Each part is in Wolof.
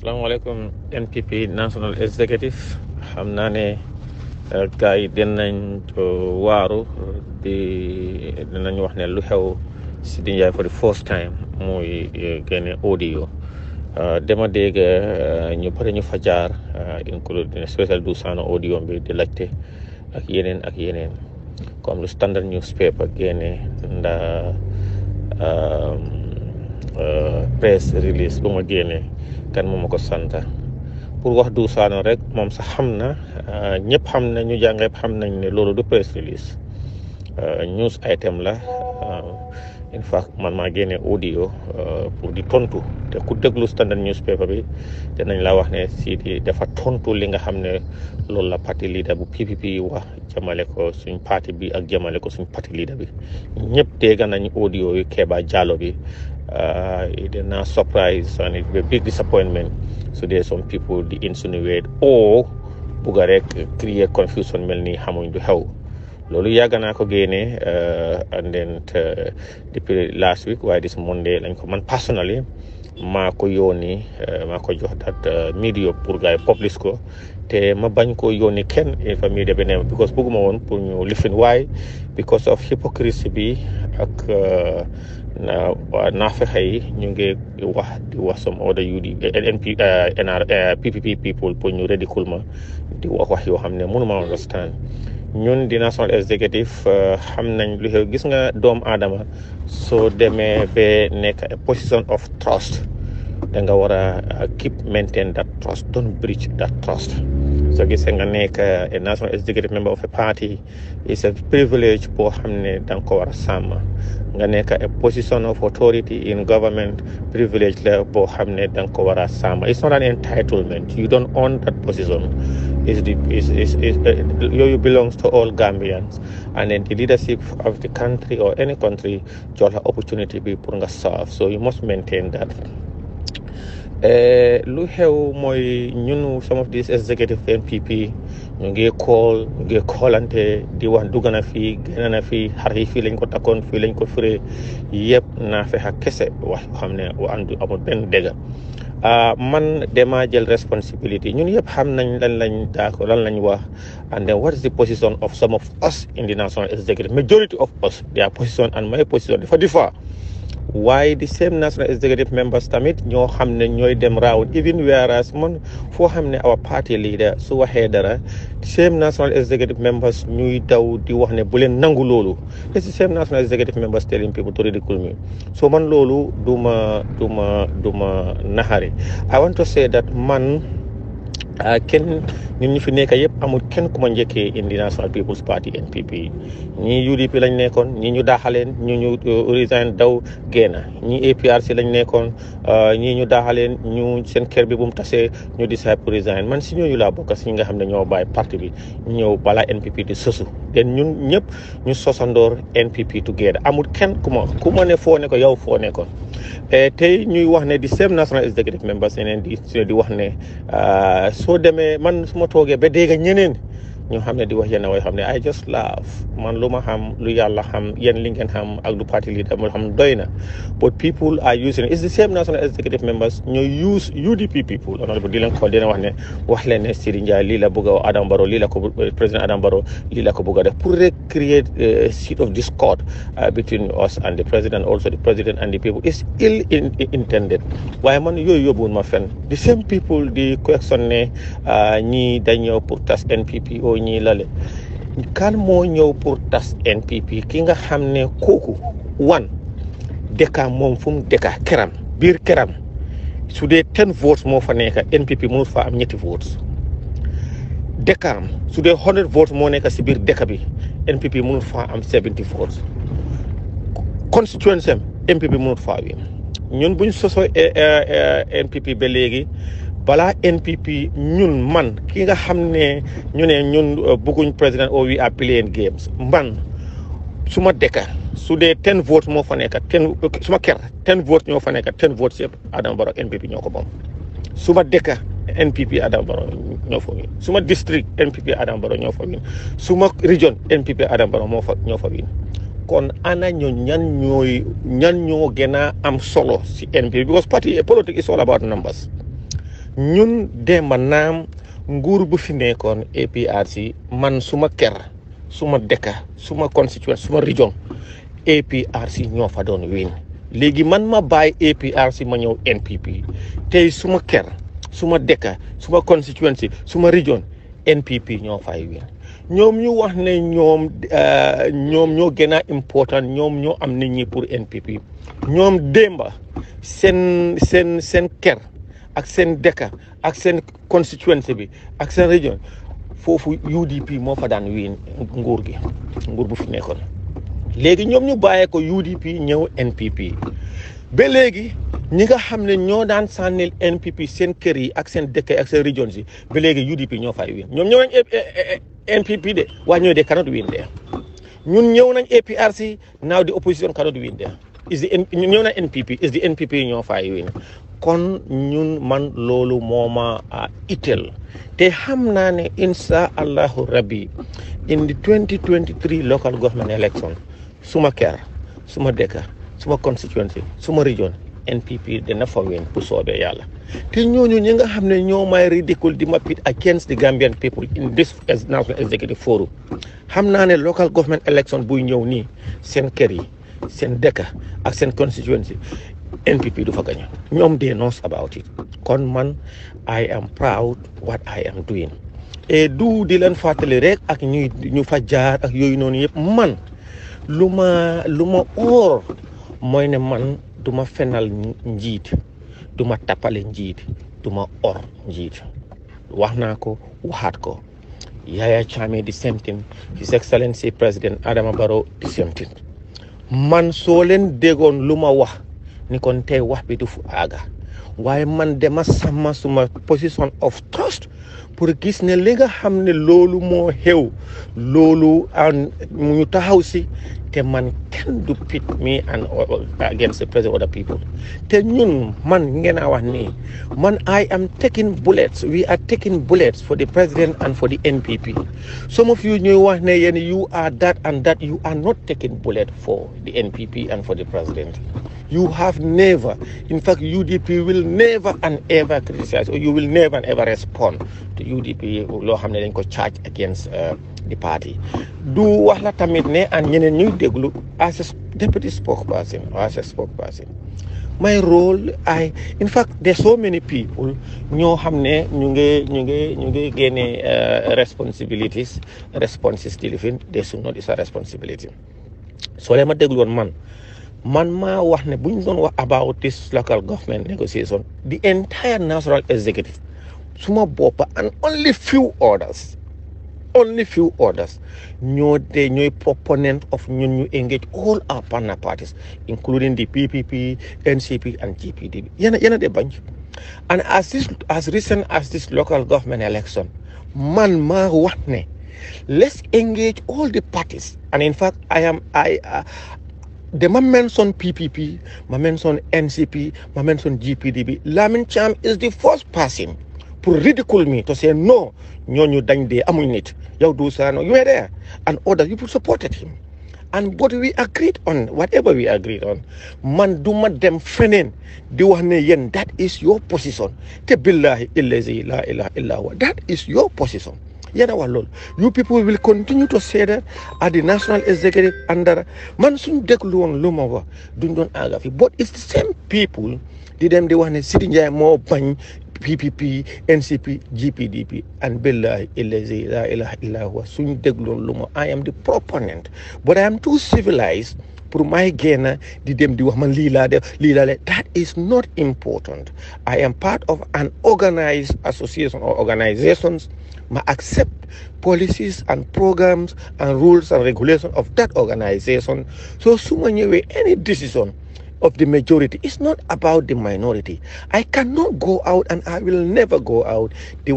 salaamaaleykum NPP national executive xam naa ne euh, gars yi dinañ waaru di dinañ wax ne lu xew Sidi Ndiaye for the first time muy euh, génne audio euh, dama dégg ñu pare ñu fa jaar including spécial du audio bi di laajte ak yeneen ak yeneen comme lu standard newspaper génne nda Euh, press release bu ma génnee kan moom ma ko santa pour wax du saana rek moom sax xam na euh, ñëpp xam na ñu xam nañ ne loolu du press release euh, news item la in fact man maa génne audio pour di tontu te ku déglu standard newspaper bi dinañ la wax ne si di dafa tontu li nga xam ne loolu la parti leader bu PPP wa jamale ko suñ parti bi ak jamale ko suñ parti leader bi ñëpp dégg nañ audio yu kebaa Jallow bi uh, it is not surprise and it will be a big disappointment. So there are some people they insinuate or oh, Bugarek create confusion melni hamuñ du xew loolu yàgg naa ko génne uh, and then uh, depuis last week waaye this Monday lañ ko man personally maa ko yónni uh, maa ko jox dat media pour gars yi publish ko te ma bañ ko yónni kenn fa media bi ne because bëgguma woon pour ñu lifin waaye because of hypocrisy bi ak na waa naafexa yi ñu ngi wax di wax some other yu di eh, NP eh, NR PPP eh, people pour ñu ridicule ma di wax wax yoo xam ne mënu ma understand ñun di national executive xam nañ lu xew gis nga doomu aadama so demee ba nekk position of trust da nga war a keep maintain that trust don't breach that trust so gisee nga nekk a eh, national executive member of a party is a privilege boo xam ne da ko war a sàmm nga nekk a position of authority in government privilege la boo xam ne da ko war a sàmm it's not an entitlement you don't own that position is the is is, is eh, you belongs to all Gambians and then the leadership of the country or any country jox la opportunity bi pour nga serve so you must maintain that. Eh, lu xew mooy ñun some of these executive NPP ñu ngi call ñu ngi callante di wax dugg na fii génn na fii xar yi fii lañ ko takkoon fii lañ ko firee yëpp naa fexa kese wax xam ne andu amul dega dégg ah, man dama jël responsibility ñun yëpp xam nañ lan lañ d'accord lan lañ wax and then what is the position of some of us in the national executive majority of us their position and my position dafa differ waaye di same national executive members tamit ñoo xam ne ñooy dem round even whereas man foo xam ne our party leader su waxee dara same national executive members ñuy daw di wax ne bu leen nangu loolu te si same national executive members telling people to ridicule me so man loolu duma duma duma naxari I want to say that man Ah, kenn ñun ñu fi nekk yëpp amul kenn ku ma njëkkee indi National People's Party NPP ñii UDP lañ nekkoon ñii ñu daaxaleen ñu ñu uh, resign daw génn ñii APRC lañ nekkoon uh, ñii ñu daaxaleen ñu seen kër bi bu mu tasee ñu di pour resign man si ñooñu laa bokk si ñi nga xam ne ñoo bàyyi parti bi ñëw balaa NPP di sosu den ñun ñëpp ñu sosandoor NPP together amul kenn ku ma ku ma ne foo ko yow foo ne ko e, tey ñuy wax ne di same national executive members yeneen di di wax ne ah, soo demee man su ma toogee ba dégg ñeneen. ñu xam ne di wax yenn way xam ne I lu ma xam xam yéen li ngeen xam ak lu parti leader xam doy na but people are using it's the same national executive members ñoo use UDP people honorable di leen xool dina wax ne wax leen ne Sidi Ndiaye lii la bëgg a Adam ko président Adam Barrow lii a def a uh, seat of discord uh, between us and the president also the president and the people it's ill intended waaye man yooyu yóbbuwul ma fenn the same people di question ne uh, ñii dañoo pour ñuy lale kan moo ñëw pour tas NPP ki nga xam ne kooku wan deka moom fu mu deka keram biir keram su dee ten votes moo fa nekk NPP mënut fa am ñetti votes dekaam su dee hundred votes moo nekk si biir deka bi NPP mënut fa am seventy votes constituency am NPP mënut fa win ñun buñ sosoo eh, eh, eh, NPP ba léegi balaa NPP ñun man ki nga xam ne ñu ne ñun euh, bëgguñ président oh we are playing games man su ma dekka su dee ten vote moo fa nekk ten euh, su ma kër ten vote ñoo fa nekk ten vote yëpp Adama Barrow NPP ñoo ko moom su ma dëkka NPP Adama Barrow ñoo fa win su ma district NPP Adama Barrow ñoo fa win su ma region NPP Adama Barrow moo fa ñoo fa win kon ana ñu ñan ñooy ñan ñoo gën a am solo si NPP because party politique is all about numbers ñun demba naam nguur bu fi nekkoon APRC man suma ker suma dëkka suma constituent suma région APRC ñoo fa doon win léegi man ma bàyyi APRC ma ñëw NPP tey suma ker suma dëkka suma constituency suma région NPP ñoo fay win ñoom ñu wax ne ñoom euh, ñoom ñoo gën a important ñoom ñoo am nit ñi pour NPP ñoom démba seen seen seen ker ak seen dëkk ak seen constituency bi ak seen région foofu UDP moo fa daan wiin nguur gi nguur bu fi nekkoon léegi ñoom ñu bàyyee ko UDP ñëw NPP ba léegi ñi nga xam ne ñoo daan sànnil NPP seen kër yi ak seen dëkk ak seen région yi ba léegi UDP ñoo fay win ñoom ñëw nañ NPP e e, e, de waaye ñooy de cannot win de ñun ñëw nañ APRC now the opposition cannot win de is the ñëw na NPP is the NPP ñoo fay win kon ñun man loolu mooma a itel te xam naa ne insha allahu rabbi in the 2023 local government election suma kër suma dëkk suma constituency suma region NPP dana fa win bu soobee yàlla te ñooñu ñi nga xam ne ñoo may ridicule di mappit against the Gambian people in this national executive forum xam naa ne local government election buy ñëw nii seen kër yi seen dëkk ak seen constituency NPP du fa gañu ñoom they knows about it kon man I am proud what I am doing et du di leen fàttali rek ak ñuy ñu fa jaar ak yooyu noonu yëpp man lu ma lu ma óor mooy ne man du ma fenal njiit du ma tappale njiit du ma or njiit wax naa ko waxaat ko Yaya Jammeh the same thing His Excellency President Adama Barrow the same thing man soo leen déggoon lu ma wax ni kon tey wax bi du fu aaga waaye man dema sama suma position of trust pour gis ne li nga xam ne loolu moo xew loolu an mu ñu taxaw si te man kenn du pit me and against the president the people te ñun man ngeen a wax nii man I am taking bullets we are taking bullets for the president and for the NPP some of you ñuy wax ne yéen you are that and that you are not taking bullet for the NPP and for the president you have never in fact UDP will never and ever criticize or you will never and ever respond to UDP loo xam ne dañ ko charge against uh, the party du wax la tamit ne an ñeneen ñuy déglu as a deputy spokesperson as a spokesperson my role I in fact there so many people ñoo xam ne ñu ngi ñu ngi ñu ngi génne uh, responsibilities responses delivering they should not is a responsibility soo leen ma déglu woon man man maa wax ne bu ñu doon wax about this local government negotiation the entire national executive suma bopp and only few others only few others ñoo the new proponent of new engage all our partner parties including the PPP NCP and GPDB. yéen a the bunch. and as this as recent as this local government election man man, wax ne let's engage all the parties and in fact I am I uh, dama mention PPP ma mention NCP ma mention GPDB. Lamin Cham is the first person pour ridicule me to say no ñooñu dañ dee amuñ nit yow Dou Sané you were there and others you supported him and what we agreed on whatever we agreed on man duma dem feneen di wax ne yen that is your position te billahi illazi la ilaha illa huwa that is your position yéen a wax you people will continue to say that at national executive andara man suñ déglu woon lu ma wax duñ doon àgga fi but it's the same people di dem di wax ne Sidi Ndiaye moo bañ PPP NCP GPDP and billahi illazi la ilaha I am the proponent but I am too civilized pour my gain. Did them do a man that is not important I am part of an organized association or organizations ma accept policies and programs and rules and regulations of that organization so su ma ñëwee any decision of the majority. It's not about the minority. I cannot go out and I will never go out. do.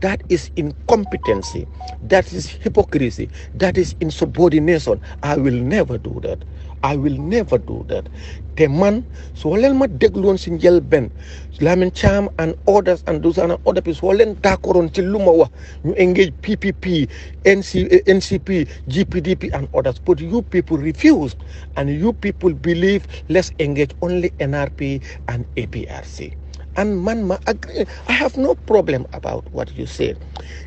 That is incompetency. That is hypocrisy. That is insubordination. I will never do that. I will never do that. Teman, soalan mat degluan sinjel ben, lamen cham and others and those and other people soalan until chilumawa, you engage PPP, NC, NCP, GPDP and others, but you people refuse and you people believe let's engage only NRP and APRC and man agree. I have no problem about what you say.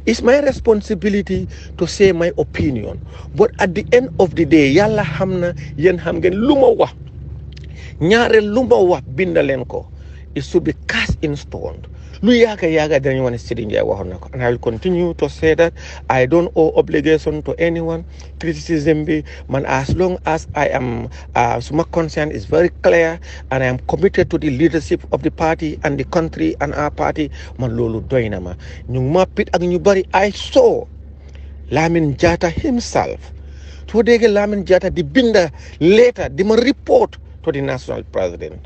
It's my responsibility to say my opinion. But at the end of the day, yalla hamna yen hamgen luma wa. Nyare luma wa bindalenko. It should be cast in stone. lu yaga yaga then you want to sit in there and i'll continue to say that i don't owe obligation to anyone criticism be man as long as i am uh, so my concern is very clear and i am committed to the leadership of the party and the country and our party man lolu doyna ma ñu ma pit ak ñu bari i saw lamin jata himself to dege lamin jata di binda later di ma report to the national president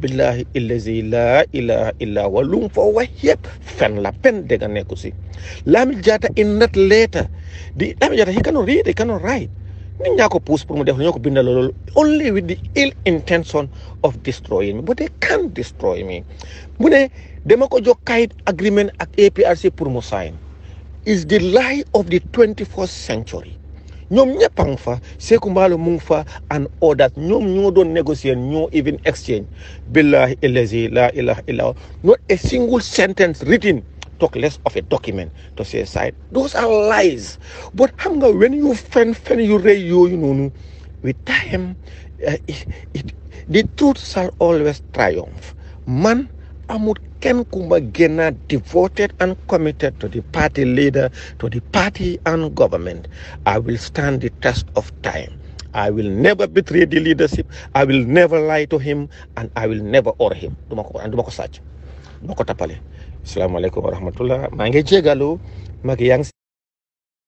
billahi illazi laa ilaha illa wa lu mu fa wax yëpp fen la pen dégg nekku si Lamine Diatta in that letter di Lamine Diatta he kano read he cannot write nit ñaa ko pousse mu def ñoo ko bindal loolu only with the ill intention of destroying me but they can't destroy me mu ne dama ko jox kayit agreement ak APRC pour mu sign is the lie of the 21st century No ñëpp a ngi fa Seeku Mbaalo mu fa and others ñoom ñoo doon négocier ño even exchange billahi allazi la ilaha illa not a single sentence written talk less of a document to say aside those are lies but xam nga when you fen fen you, rëy yooyu with time uh, it, it, the truth shall always triumph man amul kenn ku ma gën a devoted and committed to the party leader to the party and government I will stand the test of time I will never betray the leadership I will never lie to him and I will never order him du du ma ko du ma tappale salaamaaleykum wa rahmatullah maa ngi jégalu mag yaa